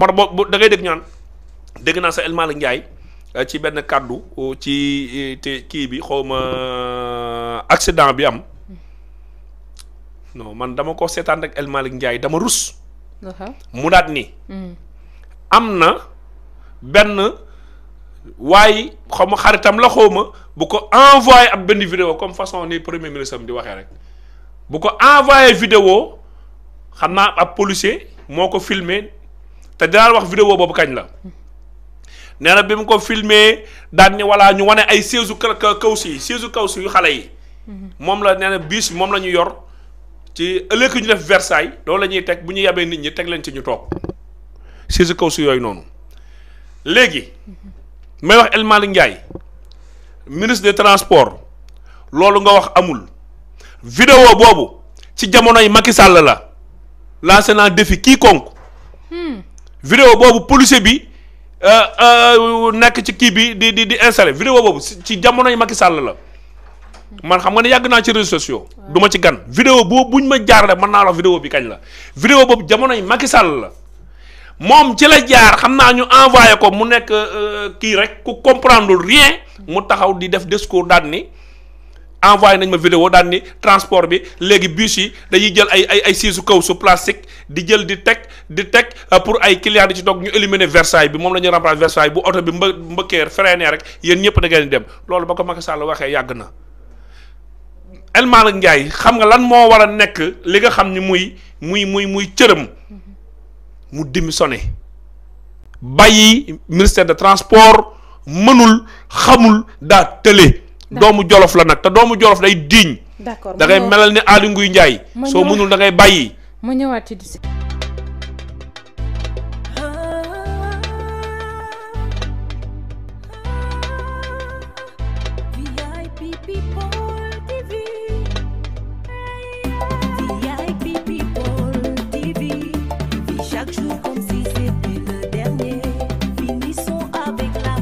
par boo da ngay dégg ñaan dégg naa sa El Malick Ndiaye euh, ci benn kàddu euh, ci euh, te kii bi xaw ma accident bi am non man dama ko seetaan rek El la Ndiaye dama rus. mu daat ni. Mm. am na benn waaye xaw ma xaritam la xaw ma bu ko envoyé ab benn vidéo comme façon ni premier ministre am di waxee rek bu ko envoyé vidéo xam naa ab policier moo ko filmé. te dinaa wax vidéo boobu kañ la nee na bi mu ko filmé daan ni walla ñu wane ay siège kaw si siège kaw si yu xale yi. moom la nee na bis moom la ñu yor ci ëllëg ñu def Versailles loolu la ñuy teg bu ñu yabee nit ñi teg leen ci ñu toog siège kaw si yooyu noonu. léegi may wax El Malick Ndiaye ministre des transport loolu nga wax amul. vidéo boobu ci jamonoy Macky Sall la lancé naa kii konk vidéo boobu policier bi euh, euh, nekk ci kii bi di di di installé vidéo boobu ci jamonoy Macky Sall la man xam nga ne yàgg naa ci réseaux sociaux du ci gan vidéo boobu buñ ma jaar rek mën naa la vidéo bi kañ la vidéo boobu jamonoy Macky Sall la moom ci la jaar xam naa ñu envoyé ko mu nekk euh, kii rek ku comprendre rien mu taxaw di def discours daal ni envoyé nañ ma vidéo daan ni transport bi léegi bus yi dañuy jël ay ay ay siisu kaw su plastique di jël di teg di teg euh, pour ay clients di ci toog ñu éliminer Versailles bi moom la ñuy remplacer Versailles bu oto bi mbë mbëkkee freiné rek yéen ñëpp da ngeen dem loolu ba ko Macky Sall waxee yàgg na. El Malick Ndiaye xam nga lan moo war nekk li nga xam ni muy muy muy muy cërëm mu démissionné bàyyi ministère de transport mënul xamul daa tële. doomu jolof la nag te doomu jolof lay diiñ. d'accord da ngay melal ne Aly Ngouille Ndiaye. soo mënul dangay bàyyi. ma ñëwaat ci